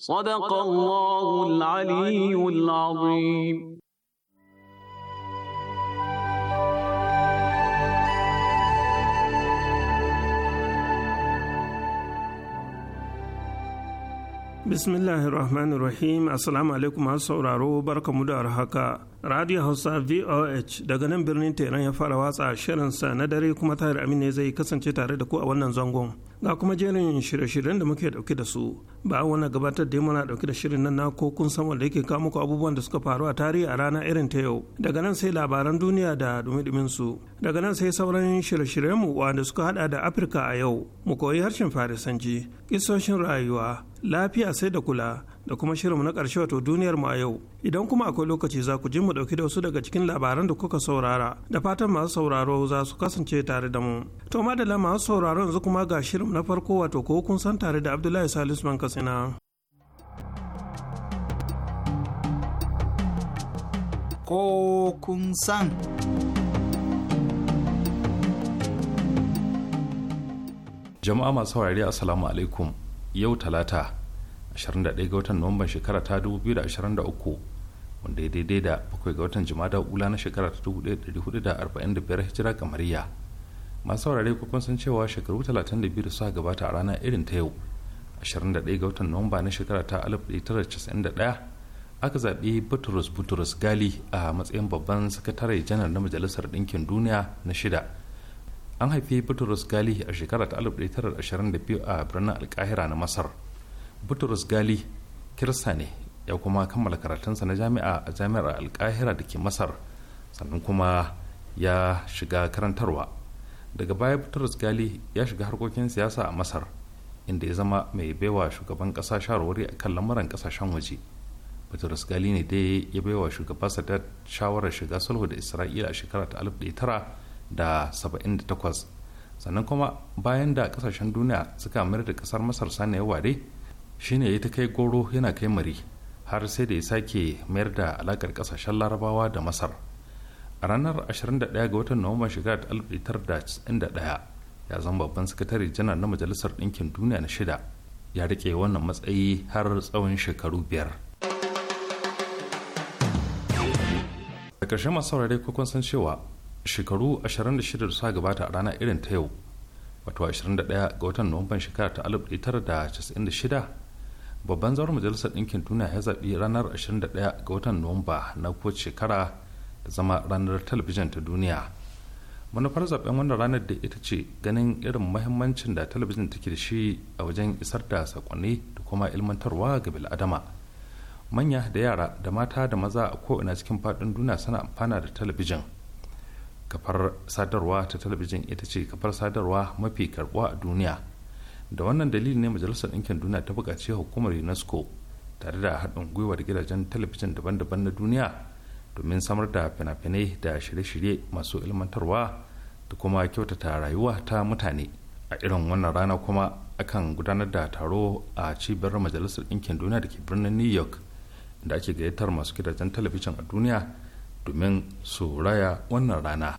صدق الله العلي العظيم بسم الله الرحمن الرحيم السلام عليكم ورحمه الله وبركاته radio hausa voh daga nan birnin tehran ya fara watsa shirinsa na dare kuma tahir amin ne zai kasance tare da ku a wannan zangon ga kuma jerin shirye-shiryen da muke dauke da su ba wani gabatar da muna dauke da shirin nan na ko kun san wanda yake kawo muku abubuwan da suka faru a tarihi a rana irin ta yau daga nan sai labaran duniya da dumi su daga nan sai sauran shirye-shiryen mu wanda suka hada da afirka a yau mu koyi harshen farisanci kisoshin rayuwa lafiya sai da kula da kuma shirinmu na ƙarshe wato duniyar mu a yau idan kuma akwai lokaci za ku ji mu ɗauki da wasu daga cikin labaran da kuka saurara da fatan masu sauraro za su kasance tare da mu to madalla masu sauraro yanzu kuma ga shirinmu na farko wato ko kun san tare da abdullahi salisu man katsina. ko kun san. Jama'a masu saurari Assalamu alaikum yau talata 21 ga watan nuwamban shekara ta 2023 wanda ya daidai da 7 ga watan jimada ula na shekara ta 1445 hijira kamariya masu saurare kukun san cewa shekaru 32 da suka gabata a rana irin ta yau 21 ga watan nuwamba na shekara ta 1991 aka zaɓi butrus butrus gali a matsayin babban sakatare janar na majalisar ɗinkin duniya na shida an haifi butrus gali a shekara ta 1922 a birnin alkahira na masar Bitrus gali kirsa ne ya kuma kammala karatunsa na jami'a a jami'ar alkahira da ke masar sannan kuma ya shiga karantarwa daga baya Bitrus gali ya shiga harkokin siyasa a masar inda ya zama mai baiwa shugaban kasa shawarwari a kan lamuran kasashen waje Bitrus gali ne dai ya baiwa shugaban sadat shawarar shiga sulhu da isra'ila a shekara ta alif da da saba'in takwas, sannan kuma bayan da ƙasashen duniya suka mayar da ƙasar masar saniyar ware shine ya ta kai goro yana kai mari har sai da ya sake mayar da alakar kasashen larabawa da masar a ranar 21 ga watan nuwamban shekarar 1991 ya zama babban sakatare janar na majalisar ɗinkin duniya na shida ya rike wannan matsayi har tsawon shekaru biyar a ƙarshen masu saurare kun san cewa shekaru 26 da suka gabata a rana irin ta yau wato 21 ga watan nuwamban shekara ta babban zaurin majalisar ɗinkin duniya ya zaɓi ranar 21 ga watan nuwamba na ko shekara da zama ranar talabijin ta duniya manufar zaɓen wannan ranar da ita ce ganin irin mahimmancin da talabijin take da shi a wajen isar da saƙonni da kuma ilmantarwa ga bil'adama manya da yara da mata da maza a ko'ina cikin faɗin duniya suna amfana da talabijin kafar sadarwa ta talabijin ita ce kafar sadarwa mafi karɓuwa a duniya da wannan dalili ne majalisar ɗinkin duniya ta buƙaci hukumar unesco tare da haɗin gwiwar gidajen talabijin daban-daban na duniya domin samar da fina-finai da shirye-shirye masu ilmantarwa da kuma kyautata rayuwa ta mutane a irin wannan rana kuma akan gudanar da taro a cibiyar majalisar ɗinkin duniya da ke birnin new york da ake gayyatar masu gidajen talabijin a duniya domin su raya wannan rana.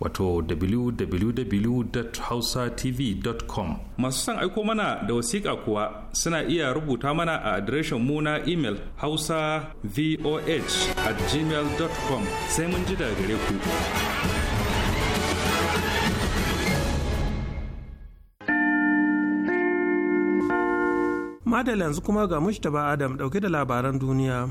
wato www.hausatv.com masu son aiko mana da wasiƙa kuwa suna iya rubuta mana a adireshin mu na imel hausa voh at gmail.com sai mun ji da gare ku madalla yanzu kuma ga mushtaba adam dauke da labaran duniya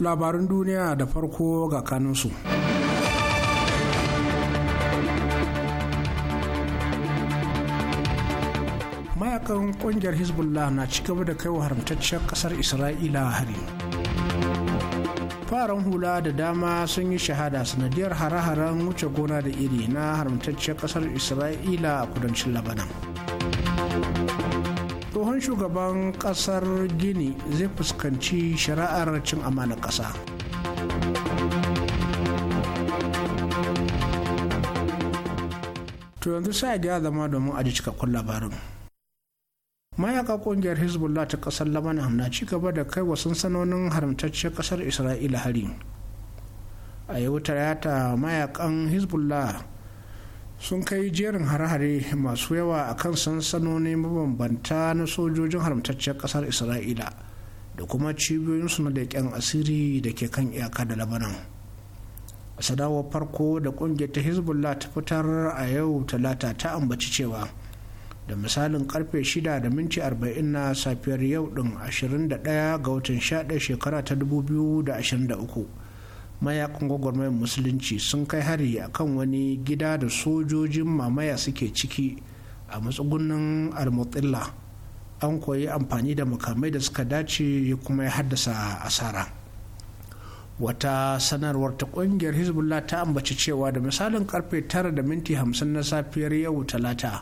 labarin duniya da farko ga kanunsu. mayakan kungiyar hezbollah na cigaba da kai wa haramtaccen kasar isra'ila hari faran hula da dama sun yi shahada sanadiyar hare-haren wuce gona da iri na haramtaccen kasar isra'ila a kudancin labanan tsohon shugaban kasar gini zai fuskanci shari'ar cin amana kasa to yanzu sai ga zama domin a ji cikakkun labarin mayaka kungiyar hezbollah ta kasar lebanon na ci gaba da kai wa sansanonin haramtacciyar kasar isra'ila hari a yau ta mayakan hezbollah sun kai jerin hare-hare masu yawa a kan sansanoni mabambanta na sojojin haramtacciyar kasar isra'ila da kuma cibiyoyinsu na leƙen asiri da ke kan iyaka da labanan a sadawar farko da kungiyar ta hezbollah ta fitar a yau talata ta ambaci cewa da misalin karfe 6 da minti 40 na safiyar yau din 21 ga watan 11 shekara ta 2023 mayakan gwagwarmayar musulunci sun kai hari a kan wani gida da sojojin mamaya suke ciki a matsugunan almutilla an koyi amfani da makamai da suka dace kuma ya haddasa asara wata sanarwar ta kungiyar hezbollah ta ambaci cewa da misalin karfe 9 da minti 50 na safiyar yau talata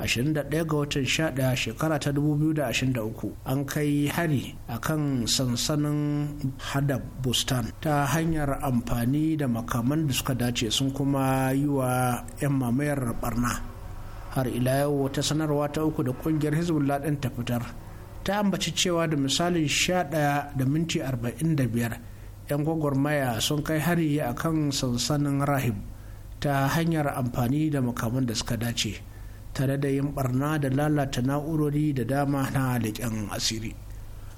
21 ga watan 11 shekara ta 2023 an kai hari a kan sansanin hadab bustan ta hanyar amfani da makaman da suka dace sun kuma yi wa 'yan mamayar barna har ila yau wata sanarwa ta uku da kungiyar hezbollah ɗin ta fitar ta ambaci cewa da misalin 11 da minti 45 'yan gwagwarmaya sun kai hari a kan sansanin rahib ta hanyar amfani da makaman da suka dace tare da yin barna da lalata na'urori da dama na leƙen asiri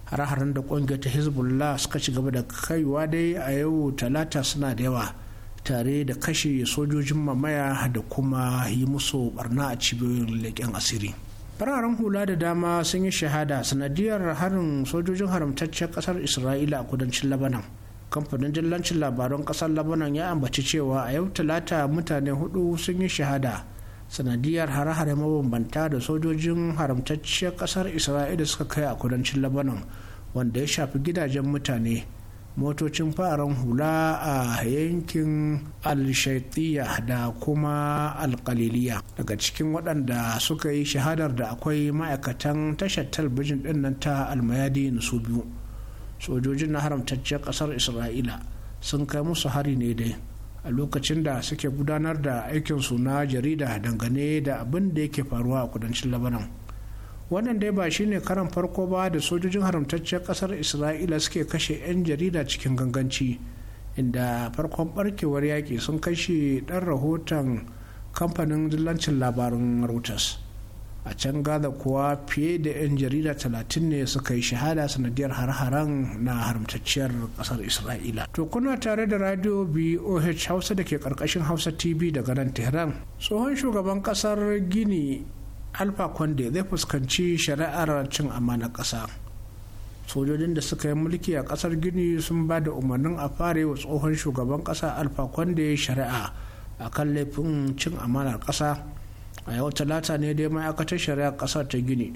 har-haren da ƙungiyar ta hezbollah suka ci gaba da kaiwa dai a yau talata suna da yawa tare da kashe sojojin mamaya da kuma yi musu barna a cibiyoyin leƙen asiri fararen hula da dama sun yi shahada sanadiyar harin sojojin haramtaccen kasar isra'ila a kudancin labanan kamfanin dillancin labaran kasar labanan ya ambaci cewa a yau talata mutane hudu sun yi shahada sanadiyar hare-hare mabambanta da sojojin haramtacciyar kasar isra'ila suka kai a kudancin labanon wanda ya shafi gidajen mutane motocin fararen hula a yankin alshaitiya da kuma alkaliliya daga cikin waɗanda suka yi shahadar da akwai ma'aikatan tashar talbijin ɗin nan ta almayadi su biyu sojojin na haramtacciyar ƙasar isra'ila sun kai musu hari ne dai a lokacin da suke gudanar da aikin na jarida dangane da abin da yake faruwa a kudancin labanan wannan dai ba shine karan farko ba da sojojin haramtaccen kasar isra'ila suke kashe 'yan jarida cikin ganganci inda farkon barkewar yaƙi sun kashe ɗan rahoton kamfanin dillancin labarin reuters a can gaza kuwa fiye da 'yan jarida talatin ne suka yi shahada sanadiyar har-haren na haramtacciyar kasar isra'ila to kuna tare da radio boh hausa da ke karkashin hausa tv daga nan tehran tsohon shugaban kasar gini alfa kwande zai fuskanci shari'ar cin amana kasa sojojin da suka yi mulki a kasar gini sun ba da umarnin a fare wa tsohon shugaban kasa alfa conde shari'a kan laifin cin amanar kasa a yau talata ne dai ma'aikatar shari'a kasar ta gini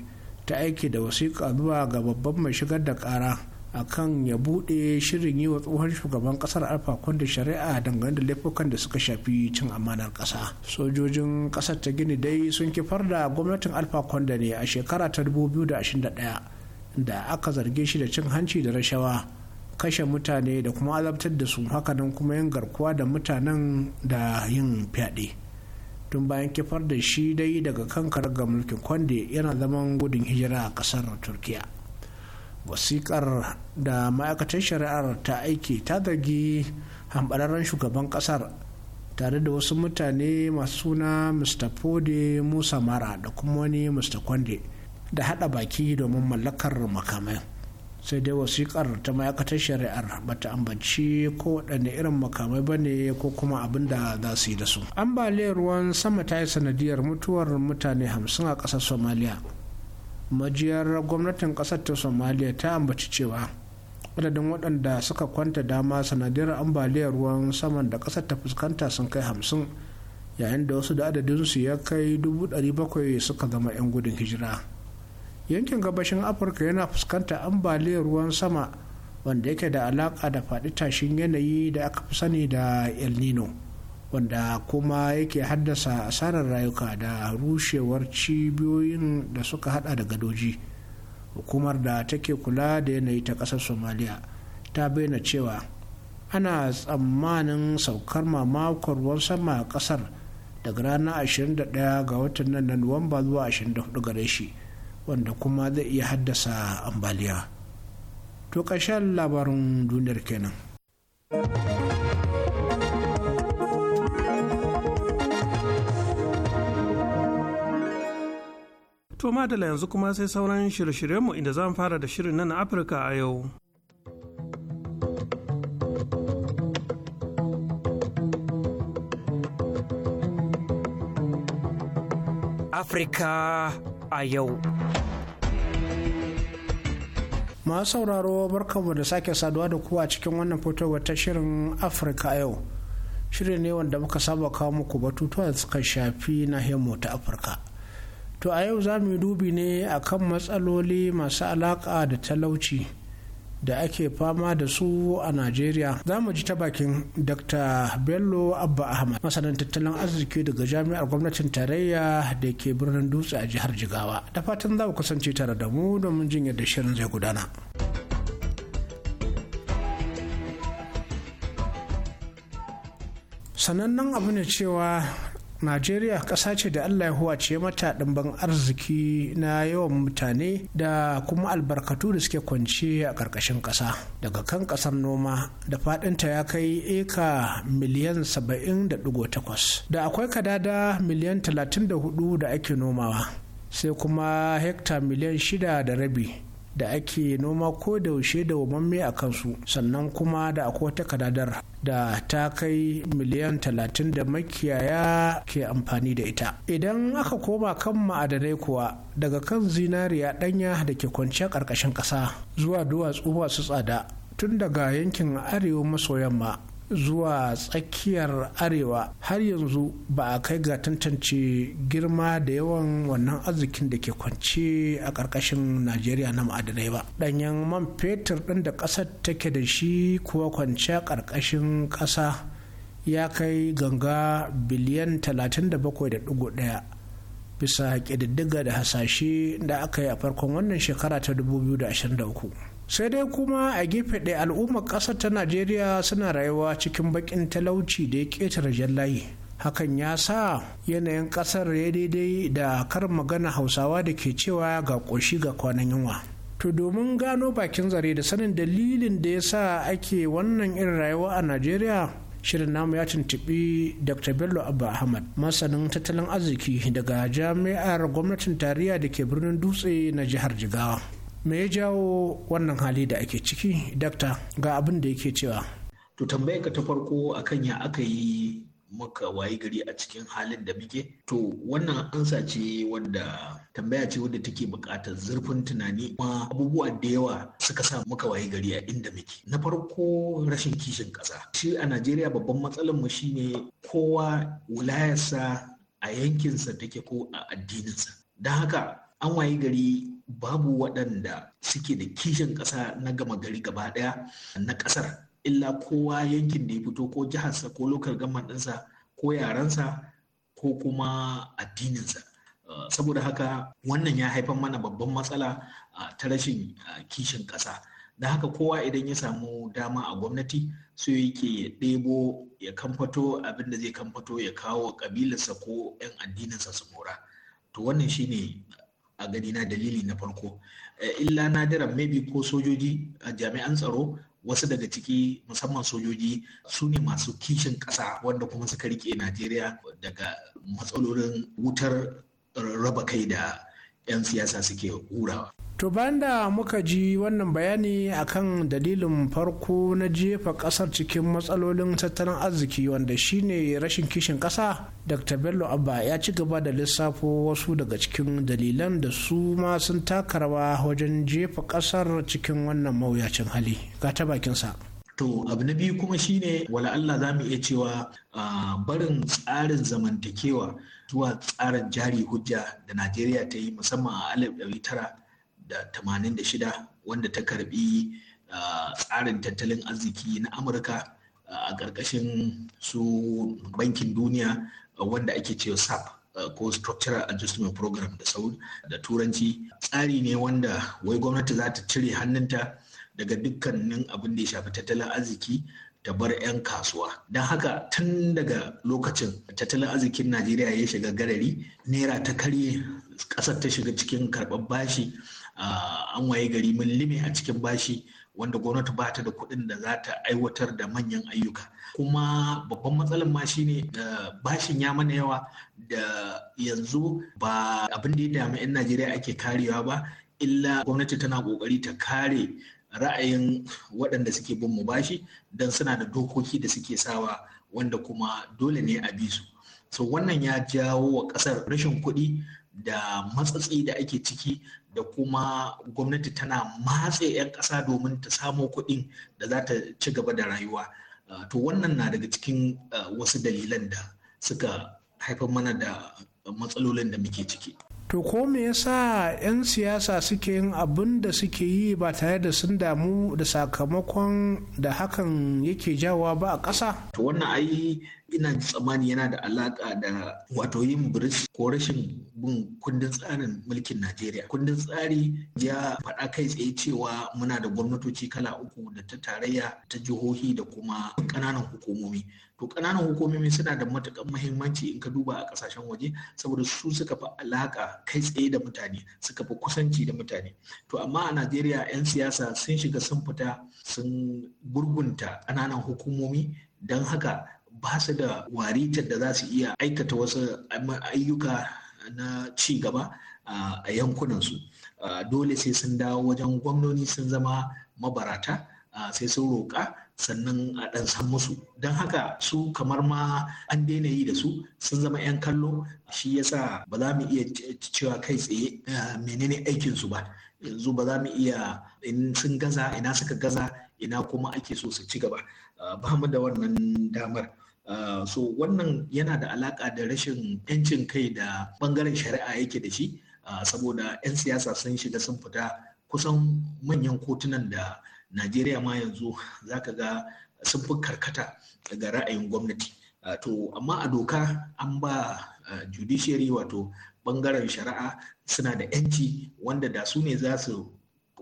ta aiki da wasiƙa zuwa ga babban mai shigar da ƙara a kan ya buɗe shirin yi wa tsohon shugaban ƙasar alfa da shari'a dangane da laifukan da suka shafi cin amanar ƙasa sojojin ƙasar ta gini dai sun kifar da gwamnatin alfa kwanda ne a shekara ta 2021 da aka zarge shi da cin hanci da rashawa kashe mutane da kuma azabtar da su hakanan kuma yin garkuwa da mutanen da yin fyaɗe. tun bayan kifar da shi dai daga kankarar ga mulkin kwande yana zaman gudun hijira a kasar turkiya wasikar da ma'aikatar shari'ar ta aiki ta zargi hambararren shugaban kasar tare da wasu mutane masu suna mr fode musa mara da kuma wani mr kwande da haɗa baki domin mallakar makamai sai dai wasikar ta ma'aikatar shari'ar ta ambaci ko waɗanne irin makamai ba ne ko kuma abin da za su yi da su ambaliyar ruwan sama ta yi sanadiyar mutuwar mutane hamsin a ƙasar somaliya majiyar gwamnatin ƙasar ta somaliya ta ambaci cewa adadin waɗanda suka kwanta dama sanadiyar ambaliyar ruwan saman da ƙasar ta fuskanta sun kai hamsin yayin da wasu da adadinsu ya kai dubu ɗari bakwai suka zama 'yan gudun hijira yankin gabashin afirka yana fuskantar ambaliyar ruwan sama wanda yake da alaƙa da faɗi tashin yanayi da aka fi sani da el nino wanda kuma yake haddasa asarar rayuka da rushewar cibiyoyin da suka hada da gadoji hukumar da take kula da yanayi ta ƙasar somaliya ta bayyana cewa ana tsammanin saukar mamakon ruwan sama a ƙasar daga ranar 21 ga watan nan na nuwamba zuwa 24 gare shi wanda kuma zai iya haddasa ambaliya to ƙarshen labarin duniyar kenan to madala yanzu kuma sai sauran shirye-shiryenmu inda za mu fara da shirin nan afirka a yau Africa a yau. Masu sauraro barkanmu da sake saduwa da kuwa cikin wannan fitowar ta shirin Afirka yau. Shirin ne wanda muka saba kawo muku batutuwa da suka shafi nahiyarmu ta Afirka. To a yau za mu yi dubi ne akan matsaloli masu alaƙa da talauci da ake fama da su a najeriya za mu ji ta bakin dr bello abba ahmad masanin tattalin arziki daga jami'ar gwamnatin tarayya da ke birnin dutse a jihar jigawa da fatan za ku kasance tare da mu domin jin yadda shirin zai gudana sanannen abu ne cewa najeriya ƙasa ce da allah ya ce mata ɗimbin arziki na yawan mutane da kuma albarkatu da suke kwance a ƙarƙashin ƙasa daga kan ƙasar noma da faɗinta ya kai eka miliyan 70.8 da akwai kadada miliyan 34 da ake nomawa sai kuma hekta miliyan shida da rabi da ake noma ko da yaushe da wamamme a kansu sannan kuma da akwai wata da ta kai miliyan talatin da makiyaya ke amfani da ita idan aka koma kan ma'adanai kuwa daga kan zinariya danya da ke kwanciya ƙarƙashin ƙasa zuwa duwatsu masu tsada tun daga yankin arewa maso yamma zuwa tsakiyar arewa har yanzu ba a kai ga tantance girma da yawan wannan arzikin da ke kwance a ƙarƙashin najeriya na ma'adanai ba ɗanyen man fetur ɗin da ƙasar take da shi kuwa kwance a ƙarƙashin ƙasa ya kai ganga biliyan 37.1 bisa ƙididdiga da hasashe da aka yi a farkon wannan shekara ta 2023 sai dai kuma a gefe ɗaya al'ummar ƙasar ta najeriya suna rayuwa cikin baƙin talauci da ya ƙetare layi, hakan ya sa yanayin ƙasar ya daidai da karin magana hausawa da ke cewa ga ƙoshi ga kwanan yunwa to domin gano bakin zare da sanin dalilin da ya sa ake wannan irin rayuwa a najeriya shirin namu ya tuntuɓi dr bello abba ahmad masanin tattalin arziki daga jami'ar gwamnatin tarayya da ke birnin dutse na jihar jigawa me ya jawo wannan hali da ake ciki dakta ga abin da yake cewa to tambaye ka ta farko akan ya aka yi maka wayi gari a cikin halin da muke to wannan ansa ce wadda tambaya ce wadda take buƙatar zurfin tunani kuma abubuwa da yawa suka sa muka wayi gari a inda muke na farko rashin kishin ƙasa shi a najeriya babban matsalar mu shine kowa wilayarsa a yankinsa take ko a addininsa don haka an wayi gari babu waɗanda suke da kishin ƙasa na gama gari gaba ɗaya na ƙasar illa kowa yankin da ya fito ko jiharsa ko lokal gaman ɗinsa ko yarensa ko kuma addininsa eh, saboda haka wannan ya haifar mana babban matsala eh, ta rashin eh, kishin ƙasa da haka kowa idan ya samu dama a gwamnati so yake ya ɗebo ya kamfato abin da zai kamfato ya kawo ƙabilarsa ko 'yan addininsa su mora to wannan shine a gani na dalili na farko eh, illa nadira maybe ko sojoji a jami'an tsaro wasu daga ciki musamman sojoji su ne masu kishin ƙasa wanda kuma suka rike najeriya daga matsalolin wutar raba kai da 'yan siyasa suke hurawa to bayan da muka ji wannan bayani akan dalilin farko na jefa kasar cikin matsalolin tattalin arziki wanda shine rashin kishin kasa dr bello abba ya ci gaba da lissafo wasu daga cikin dalilan da su ma sun taka rawa wajen jefa kasar cikin wannan mawuyacin hali ga ta bakinsa To abu na biyu kuma shine wala Allah za mu iya cewa barin tsarin zamantakewa zuwa tsarin jari hujja da Najeriya ta yi musamman a alif da tamanin da shida wanda ta karbi tsarin tattalin arziki na amurka a ƙarƙashin su bankin duniya wanda ake cewa sap ko structural adjustment program da sauri da turanci tsari ne wanda wai gwamnati za ta cire hannunta daga dukkanin abin da ya shafi tattalin arziki ta bar 'yan kasuwa don haka tun daga lokacin tattalin arzikin najeriya ya shiga garari naira ta karye ƙasar ta shiga cikin karɓar bashi Ah, an waye gari mun lime a cikin bashi wanda gwamnati ba ta da kuɗin da za ta aiwatar da manyan ayyuka kuma babban matsalar ma shine da eh, bashin ya mana yawa da yanzu ba abin da ya dami 'yan najeriya ake karewa ba illa gwamnati tana kokari ta kare ra'ayin waɗanda suke bin mu bashi don suna da dokoki da suke sawa wanda kuma dole ne a bi su so wannan ya jawo wa ƙasar rashin kuɗi da matsatsi da ake ciki da kuma gwamnati tana matse 'yan ƙasa domin ta samo kuɗin da za ta ci gaba da rayuwa ah, to wannan na daga cikin ah, wasu dalilan da suka haifar mana da matsalolin da muke ciki to ko me yasa 'yan siyasa suke yin abin da suke yi ba tare da sun damu da sakamakon da hakan yake jawa ba a ƙasa? to wannan ai ina tsammani yana da alaƙa da wato yin biris ko rashin bin kundin tsarin mulkin najeriya kundin tsari ya faɗa kai tsaye cewa muna da gwamnatoci kala uku da ta tarayya ta jihohi da kuma ƙananan hukumomi to ƙananan hukumomi suna da matuƙar muhimmanci in ka duba a ƙasashen waje saboda su suka fi alaƙa kai tsaye da mutane suka fi kusanci da mutane to amma a najeriya 'yan siyasa sun shiga sun fita sun gurgunta ƙananan hukumomi don haka ba su da waritar da za su iya aikata wasu ayyuka na ci gaba a yankunansu dole sai sun dawo wajen gwamnoni sun zama mabarata sai sun roƙa sannan a ɗan san musu don haka su kamar ma an daina yi da su sun zama 'yan kallo shi yasa ba za mu iya cewa kai tsaye eh, menene aikinsu ba yanzu ba za mu iya in sun gaza ina suka gaza ina kuma ake so su ci gaba ah, ba mu da wannan damar ah, so wannan yana da alaƙa da rashin 'yancin kai da bangaren shari'a yake da shi ah, saboda 'yan siyasa sun shiga sun fita kusan manyan kotunan da najeriya ma yanzu za ka ga sun fi karkata ga ra'ayin gwamnati ah, to amma a doka an ba ah, judiciary wato bangaren shari'a suna da yanci wanda da su ne za su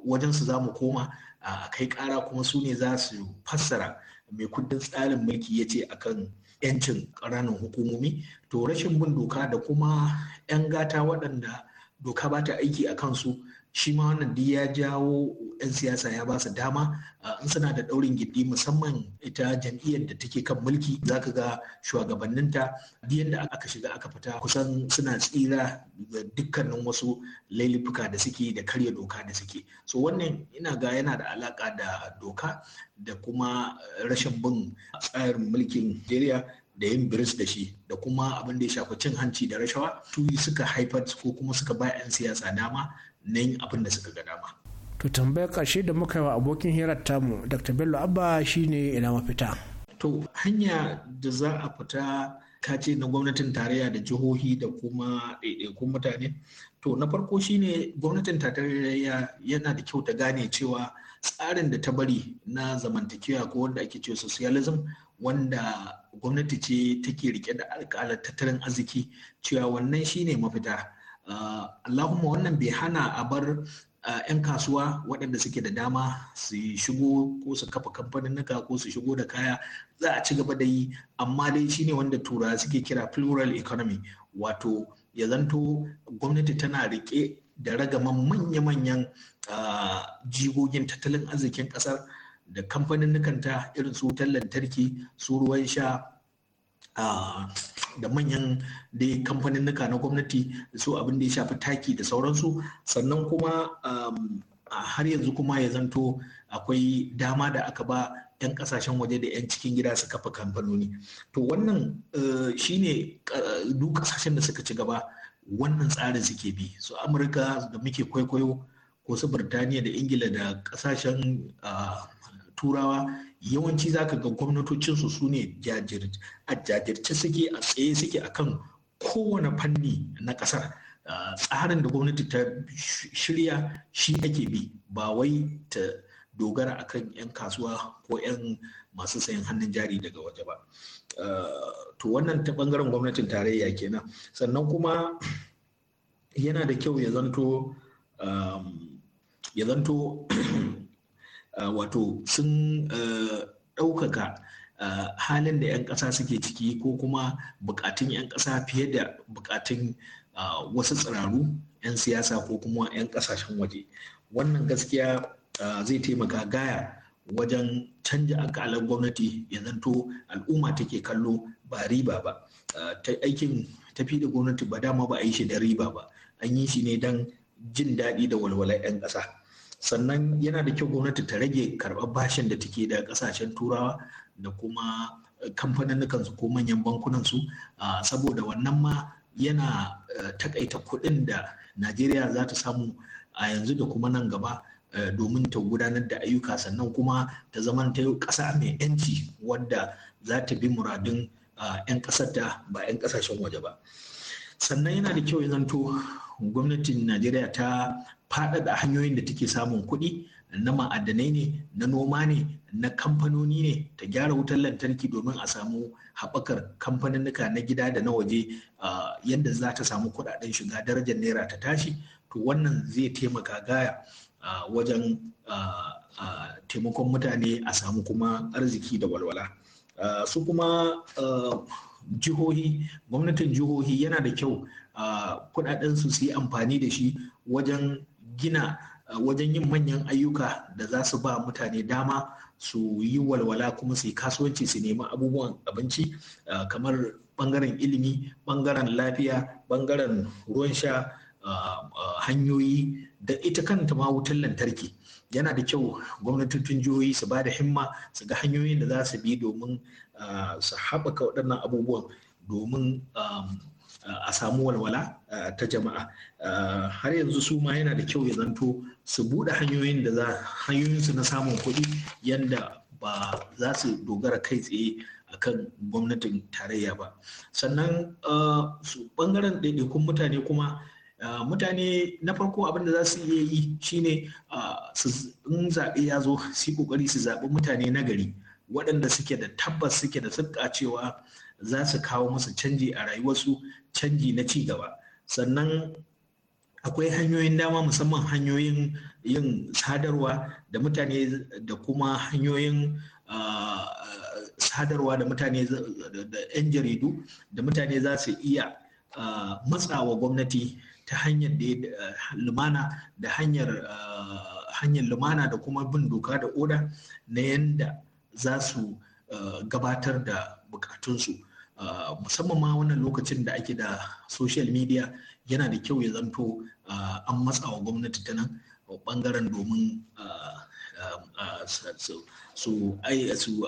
wajen su za mu koma ah, a kai kara kuma su ne za su fassara mai kundin tsarin mulki ya ce akan yancin ƙananan hukumomi to rashin bin doka da kuma 'yan gata waɗanda doka ba ta aiki a kansu shi ma wannan ya jawo 'yan siyasa ya ba su dama in suna da daurin gindi musamman ita jam'iyyar da take kan mulki za ka ga shugabanninta da aka shiga aka fita kusan suna tsira da dukkanin wasu laifuka da suke da karya doka da suke so wannan ina ga yana da alaka da doka da kuma rashin bin tsarin mulkin Najeriya da yin biris da shi da kuma abin da ya shafi cin hanci da rashawa su suka haifar ko kuma suka ba 'yan siyasa dama na yin abin da suka ga dama. to tambayar karshe da muka yi wa abokin hirar tamu dr bello abba shine ina mafita to hanya da za a fita kace na gwamnatin tarayya da jihohi da kuma ɗaiɗaikun mutane to na farko shine gwamnatin tarayya yana da kyau ta gane cewa tsarin da ta bari na zamantakewa ko wanda ake cewa socialism wanda gwamnati ce take rike da alƙalar tattalin arziki cewa wannan shine mafita Uh, Allahumma wannan bai hana a bar 'yan kasuwa waɗanda suke da dama su shigo ko su kafa kamfaninnika ko su shigo da kaya za a ci gaba da yi amma dai shine wanda tura suke kira plural economy wato ya zanto gwamnati tana rike da ragaman manya-manyan jigogin tattalin arzikin ƙasar da kamfaninnikanta irin su wutar lantarki su ruwan sha da manyan dai kamfaninnika na gwamnati da su abin da ya shafi taki da sauransu sannan kuma um, har yanzu kuma ya zanto akwai dama da aka ba 'yan kasashen waje da 'yan cikin gida su kafa kamfanoni to wannan uh, shine uh, duk kasashen da suka ci gaba wannan tsarin suke bi su amurka da muke kwaikwayo ko su birtaniya da ingila da kasashen uh, turawa yawanci zaka ga gwamnatocinsu su ne a jajirce suke a tsaye suke akan kowane fanni na kasar ah, tsarin da gwamnati ta shirya shi ake bi ba wai ta dogara akan 'yan kasuwa ko 'yan masu sayan hannun jari daga waje ba ah, to wannan ta bangaren gwamnatin tarayya kenan sannan kuma yana da kyau ya ah, ya zanto Eh, wato sun eh, ɗaukaka eh, halin da 'yan ƙasa suke ciki ko kuma buƙatun 'yan ƙasa fiye da buƙatun wasu tsiraru 'yan siyasa ko kuma 'yan ƙasashen waje wannan gaskiya zai taimaka gaya wajen canja akalar gwamnati ya zanto al'umma take kallo ba riba ba ta aikin tafi da gwamnati ba dama ba a yi shi da riba ba an yi shi ne don jin daɗi da walwalar 'yan ƙasa sannan yana da kyau gwamnati ta rage karɓar bashin da take da ƙasashen turawa da kuma kamfanin su ko manyan bankunan su saboda wannan ma yana e, takaita kuɗin da najeriya za ta samu a yanzu da kuma nan gaba e, domin ta gudanar da ayyuka sannan kuma ta zama ta yi ƙasa mai 'yanci wadda za ta bi muradin 'yan ƙasarta ba 'yan ƙasashen waje ba sannan yana da kyau ya zanto gwamnatin najeriya ta faɗaɗa hanyoyin da take samun kuɗi na ma'adanai ne na noma ne na kamfanoni ne ta gyara wutar lantarki domin a samu haɓakar kamfaninnika na gida da na waje yadda za ta samu kuɗaɗen shiga darajar naira ta tashi to wannan zai taimaka gaya wajen taimakon mutane a samu kuma arziki da walwala su kuma jihohi gwamnatin jihohi yana da kyau kuɗaɗen su su yi amfani da shi wajen gina uh, wajen yin manyan ayyuka da za su ba mutane dama su yi walwala kuma su yi kasuwanci su nemi abubuwan abinci uh, kamar bangaren ilimi bangaren lafiya bangaren ruwan sha uh, hanyoyi da ita kanta ma wutar lantarki yana da kyau gwamnatin jihohi su ba da himma su ga hanyoyin da za su bi domin su haɓaka waɗannan abubuwan domin um, a samu walwala ta jama'a har yanzu su ma yana da kyau ya zanto su buɗe hanyoyin da za hanyoyinsu na samun kuɗi yadda ba za su dogara kai tsaye a kan gwamnatin tarayya ba sannan su bangaren ɗaiɗaikun mutane kuma mutane na farko abin da za su iya yi shine in zaɓe ya zo su yi ƙoƙari su zaɓi mutane na gari waɗanda suke da tabbas suke da sirka cewa za su kawo musu canji a rayuwarsu canji na ci gaba sannan akwai hanyoyin dama musamman hanyoyin yin sadarwa da mutane da kuma hanyoyin ah, sadarwa da mutane da 'yan jaridu da mutane za su iya ah, matsawa gwamnati ta hanyar da ah, lumana da hanyar hanyar lumana da kuma bin doka da oda na yadda za su gabatar da bukatunsu ah, musamman ma wannan lokacin da ake da social media yana da kyau ya zanto ah, an matsa wa gwamnati ta nan bangaren domin ah, su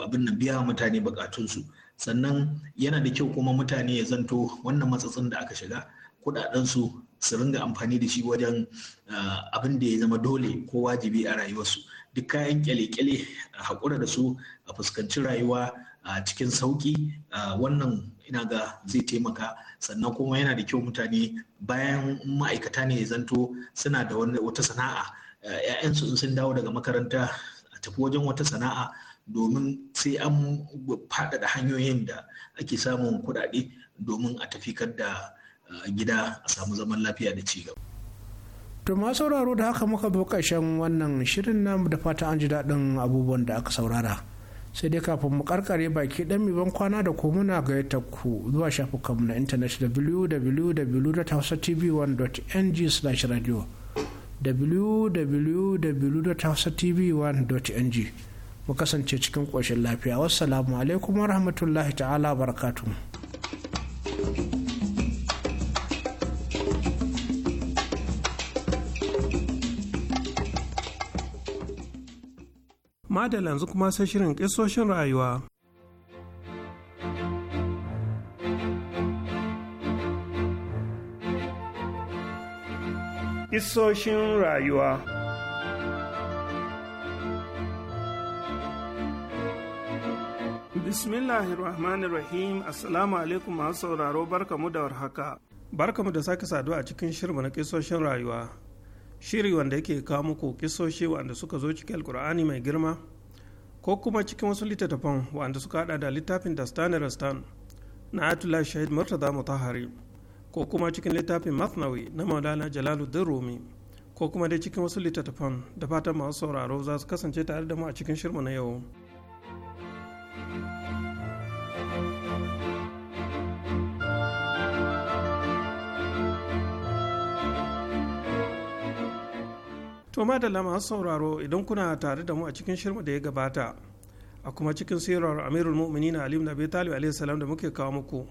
abin na biya mutane bukatunsu sannan yana da kyau kuma mutane ya zanto wannan matsatsin da aka shiga kudadensu su ringa amfani da shi wajen abin da ya zama dole ko wajibi a rayuwarsu duk kayan kyale-kyale a haƙura da su a fuskanci rayuwa a cikin sauki wannan ina ga zai taimaka sannan kuma yana da kyau mutane bayan ma'aikata ne zanto suna da wata sana'a 'ya'yansu in sun dawo daga makaranta a tafi wajen wata sana'a domin sai an faɗaɗa hanyoyin da ake samun kuɗaɗe domin a tafi da gida a samu zaman lafiya da ci gaba. To ma sauraro da haka muka bi ƙarshen wannan shirin nan da fata an ji daɗin abubuwan da aka saurara. sai dai kafin mu karkare baki dan mi ban kwana da ko muna gayyatar ku zuwa shafukanmu na intanet www.hausatv1.ng/radio www.hausatv1.ng mu kasance cikin koshin lafiya wassalamu alaikum warahmatullahi ta'ala barakatuhu madalla yanzu kuma sai shirin kisoshin rayuwa. Kisoshin rayuwa Bismillahirrahmanirrahim Assalamu alaikum masu sauraro barkamu da warhaka. Barkamu da sake saduwa a cikin shirma na kisoshin rayuwa. Shiri wanda yake kawo muku kisoshi wanda suka zo cikin Alkur'ani mai girma. ko kuma cikin wasu littattafan wanda suka hada da littafin dastan rastan na atula shahid murtaza mutahari ko kuma cikin littafin masnawi na maulana jalaluddin rumi ko kuma dai cikin wasu littattafan da fatan masu sauraro za su kasance tare da mu a cikin shirma na yau. to da masu sauraro idan kuna tare da mu a cikin shirma da ya gabata a kuma cikin sirar amirul mu'minin ali ibn abi talib salam da muke kawo muku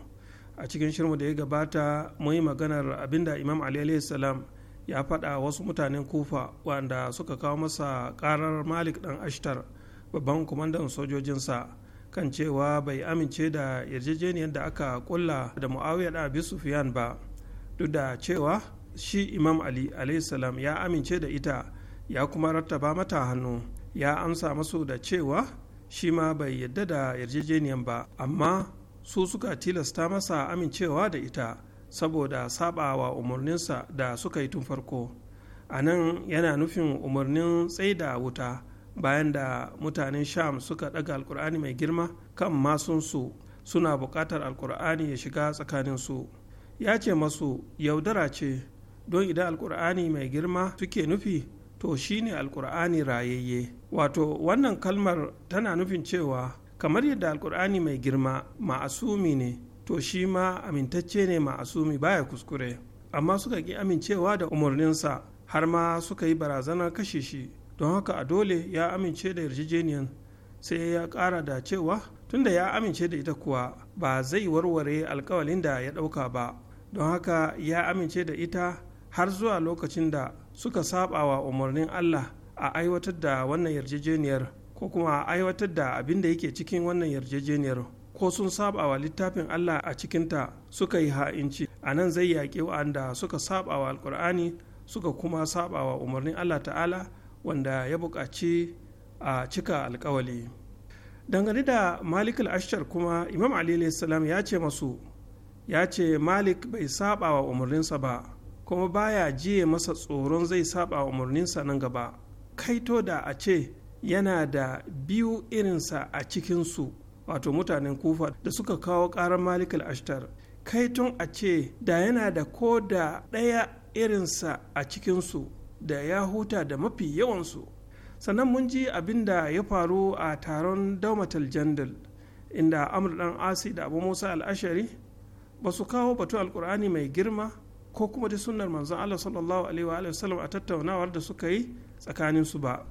a cikin shirma da ya gabata muyi yi maganar abinda imam ali salam ya faɗa wasu mutanen kufa wanda suka kawo masa karar malik dan ashtar babban kwamandan sojojinsa kan cewa bai amince da yarjejeniyar da aka kulla da mu'awiyar da abi ba duk da cewa shi imam ali salam ya amince da ita ya kuma rattaba mata hannu ya amsa masu da cewa shi ma bai yadda da yarjejeniyan ba amma su suka tilasta masa amincewa da ita saboda sabawa umarninsa da suka yi tun farko a nan yana nufin umarnin tsaida wuta bayan da mutanen sham suka daga alkur'ani mai girma kan masunsu suna buƙatar alkur'ani ya shiga tsakaninsu ya ce masu yaudara ce don idan alkur'ani mai girma suke nufi to shine alkur'ani rayayye wato wannan kalmar tana nufin cewa kamar yadda alkur'ani mai girma ma'asumi ne to shi ma amintacce ne ma'asumi baya kuskure amma suka ƙi amincewa da umarninsa har ma suka yi barazanar kashe shi don haka a dole ya amince da yarjejeniyan sai ya ƙara da cewa tunda ya amince da ita kuwa ba zai warware alkawalin da ya ɗauka ba don haka ya amince da ita har zuwa lokacin da suka saba wa umarnin Allah a aiwatar da wannan yarjejeniyar ko kuma a aiwatar da abin da yake cikin wannan yarjejeniyar ko sun saba wa littafin Allah a cikinta suka yi ha'inci a nan zai yaƙi wa'anda suka saba wa alkur'ani suka kuma saba wa umarnin Allah ta'ala wanda ya buƙaci a cika alkawali dangane da malik al-ashar kuma imam ali ya ce masu ya ce malik bai saba wa umarninsa ba kuma baya jiye masa tsoron zai saba umarninsa nan gaba kaito da a ce yana da biyu irinsa a cikinsu wato mutanen kufa da suka kawo ƙarar malikul ashtar kaiton a ce da yana da ko da ɗaya irinsa a cikinsu da ya huta da mafi yawansu sannan mun ji abin da ya faru a taron daumatal jandal inda amur dan asi da abu musa al'ashari ba su kawo batu alkur'ani mai girma ko kuma dai sunnar manzon Allah sallallahu alaihi wa sallam a tattaunawar da suka yi tsakanin su ba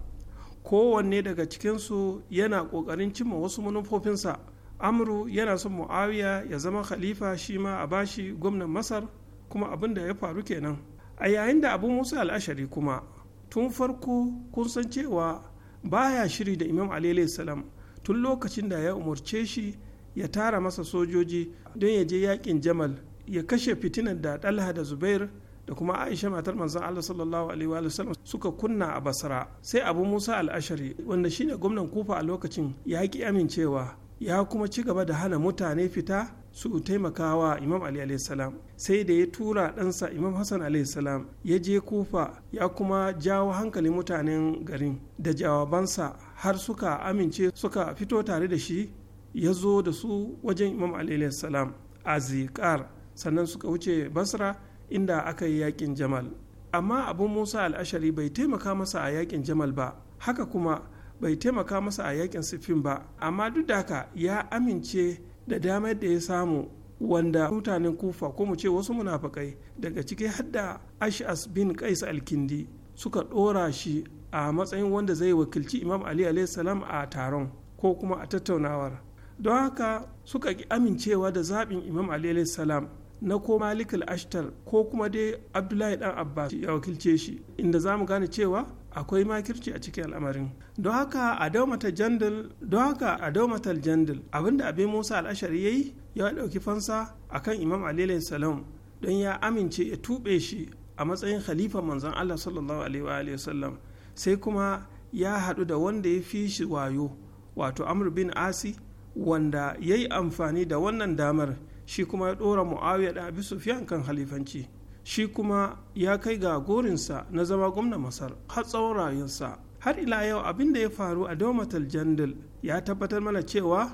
kowanne daga cikin su yana kokarin cimma wasu manufofinsa amru yana son muawiya ya zama khalifa shi ma a bashi gwamnan masar kuma abin da ya faru kenan a yayin da abu musa al'ashari kuma tun farko kun san cewa baya shiri da imam ali salam tun lokacin da ya umarce shi ya tara masa sojoji don ya je yakin jamal ya kashe fitinan da ɗalha da zubair da kuma aisha matar manzan allah sallallahu alaihi wa suka kunna a basra sai abu musa al'ashari wanda shine gwamnan kufa a lokacin ya ki amincewa ya kuma ci gaba da hana mutane fita su taimaka wa imam ali salam sai da ya tura ɗansa imam hassan salam ya je kufa ya kuma jawo hankalin mutanen garin da jawabansa har suka amince suka fito tare da shi ya zo da su wajen imam ali salam a zikar sannan suka wuce basra inda aka yi yakin jamal amma abu musa al'ashari bai taimaka masa a yakin jamal ba haka kuma bai taimaka masa a yakin siffin ba amma duk da haka ya amince da damar da ya samu wanda mutanen kufa ko mu ce wasu munafakai daga ciki hadda ash'as bin qais alkindi suka ɗora shi a matsayin wanda zai wakilci imam ali salam a taron ko kuma a tattaunawar don haka suka ki amincewa da zaɓin imam ali salam na ko malik ashtar ko kuma dai abdullahi dan abbas ya wakilce shi inda za mu gane cewa akwai makirci a cikin al'amarin don haka a daumata jandal don haka a jandal abinda abin musa al'ashari ya yi ya ɗauki fansa akan imam alayhi salam don ya amince ya tuɓe shi a matsayin khalifa manzon allah sallallahu alaihi wa sallam sai kuma ya haɗu da wanda ya fi shi wayo wato amr bin asi wanda ya yi amfani da wannan damar shi kuma ya ɗora muawiya da abi sufyan kan halifanci shi kuma ya kai ga gorinsa na zama gwamnan masar har tsawon rayunsa har ila yau abin da ya faru a daumatal jandal ya tabbatar mana cewa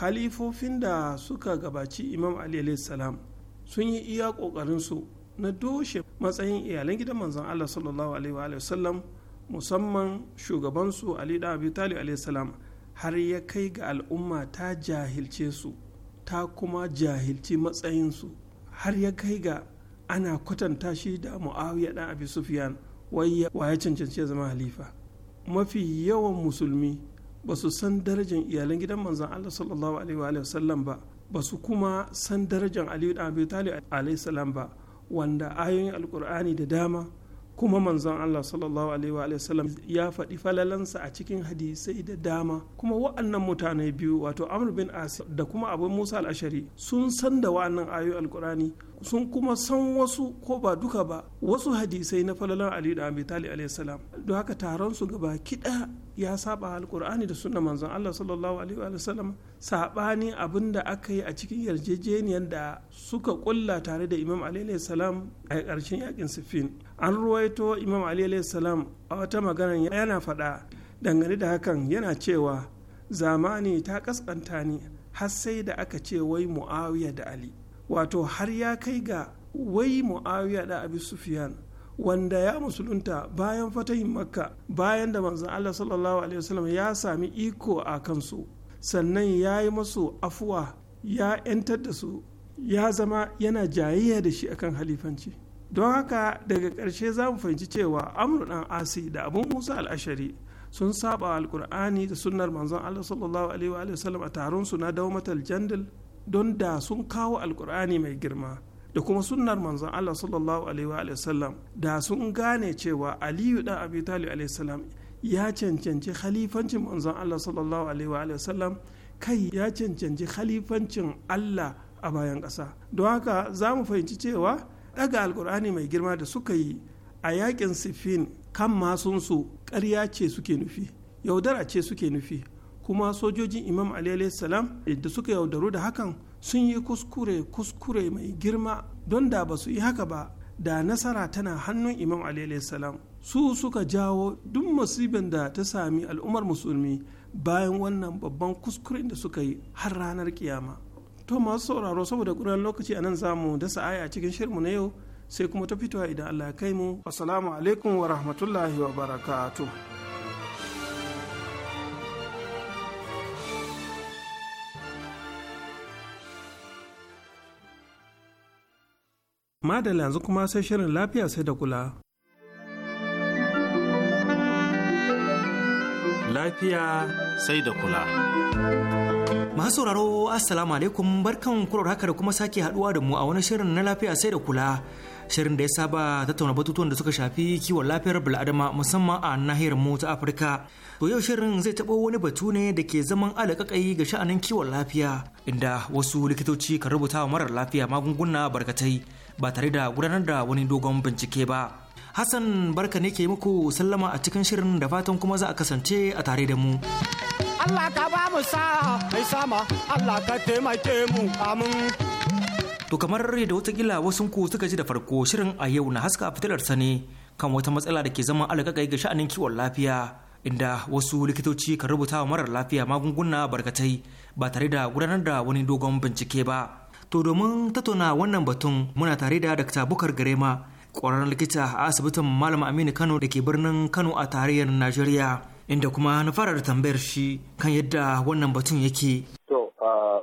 halifofin da suka gabaci imam ali salam sun yi iya ƙoƙarinsu na doshe matsayin iyalan gidan manzon allah sallallahu alaihi wa sallam musamman shugabansu ali da abi talib alaihi salam har ya kai ga al'umma ta jahilce su ta kuma jahilci matsayinsu har ya kai ga ana kwatanta shi da muawiya ɗan abi sufyan wa ya cancanci ya zama halifa mafi yawan musulmi ba su san darajar iyalan gidan manzon Allah sallallahu alaihi wa sallam ba ba su kuma san darajar Aliyu da Abi Talib alaihi salam ba wanda ayoyin alkur'ani da dama kuma manzon Allah sallallahu alaihi wa sallam ya faɗi falalansa a cikin hadisai da dama kuma wa'annan mutane biyu wato Amr bin Asi, da kuma Abu Musa al-Ashari sun san da wa'annan ayoyi alkurani sun kuma san wasu ko ba duka ba wasu hadisai na falalan Ali da Abi Talib alaihi salam don haka taron su gaba kiɗa ya saba alkur'ani da sunna manzon Allah sallallahu alaihi wa sallam sabani abin da aka yi a cikin yarjejeniyar da suka kulla tare da Imam Ali alaihi salam a ƙarshen yakin Siffin an ruwaito Imam Ali alaihi salam a wata magana yana faɗa dangane da hakan yana cewa zamani ta kaskanta ni har sai da aka ce wai Muawiya da Ali wato har ya kai ga wai Muawiya da Abi Sufyan wanda ya musulunta bayan fatahin makka bayan da manzon allah sallallahu alaihi wasallam ya sami iko a kansu sannan ya yi masu afuwa ya 'yantar da su ya zama yana jayayya da shi akan halifanci don haka daga ƙarshe za mu fahimci cewa amru an asi da abun musa al'ashari sun saba alkur'ani da sunnar manzon allah sallallahu alaihi wasallam a taron su na daumatal jandal don da sun kawo alkur'ani mai girma da kuma sunnar manzon Allah sallallahu alaihi wa sallam da sun gane cewa Aliyu dan Abi Talib alaihi sallam ya cancanci khalifancin manzon Allah sallallahu alaihi wa sallam kai ya cancanci khalifancin Allah a bayan ƙasa don haka za mu fahimci cewa daga alkur'ani mai girma da suka yi a yakin siffin kan masunsu ƙarya ce suke nufi yaudara ce suke nufi kuma sojojin imam ali salam da suka yaudaru da hakan sun yi kuskure kuskure mai girma don da ba su yi haka ba da nasara tana hannun imam ali salam su suka jawo duk musibin da ta sami al'ummar musulmi bayan wannan babban kuskuren da suka yi har ranar kiyama to masu sauraro saboda ƙuran lokaci a nan zamu dasa aya cikin shirmu na yau sai kuma ta fitowa idan allah ya kai mu assalamu alaikum wa rahmatullahi wa barakatuh madala yanzu kuma sai shirin lafiya sai da kula. Lafiya sai da kula. Masu sauraro Assalamu alaikum barkan kurar haka da kuma sake haduwa da mu a wani shirin na lafiya sai da kula. Shirin da ya saba tattauna batutuwan da suka shafi kiwon lafiyar bil'adama musamman a nahiyar mu ta Afirka. To yau shirin zai taɓo wani batu ne da ke zaman alaƙaƙai ga sha'anin kiwon lafiya inda wasu likitoci kan rubuta wa marar lafiya magunguna barkatai ba tare da gudanar da wani dogon bincike ba hassan barka ne ke muku sallama a cikin shirin da fatan kuma za a kasance a tare da mu Allah ka ba mu mai sama Allah ka taimake mu amin To kamar da watakila wasu ku suka ji da farko shirin a yau na haska fitilar sani kan wata matsala da ke zama alƙaƙai ga sha'anin kiwon lafiya inda wasu likitoci ka rubuta wa marar lafiya magunguna barkatai ba tare da gudanar da wani dogon bincike ba. To domin tattauna wannan batun muna tare da Dr. Bukar Garema, ƙwararren likita a asibitin Malam Aminu Kano da ke birnin Kano a tarayyar Najeriya, inda kuma na fara da tambayar shi kan yadda wannan batun yake. To, ah,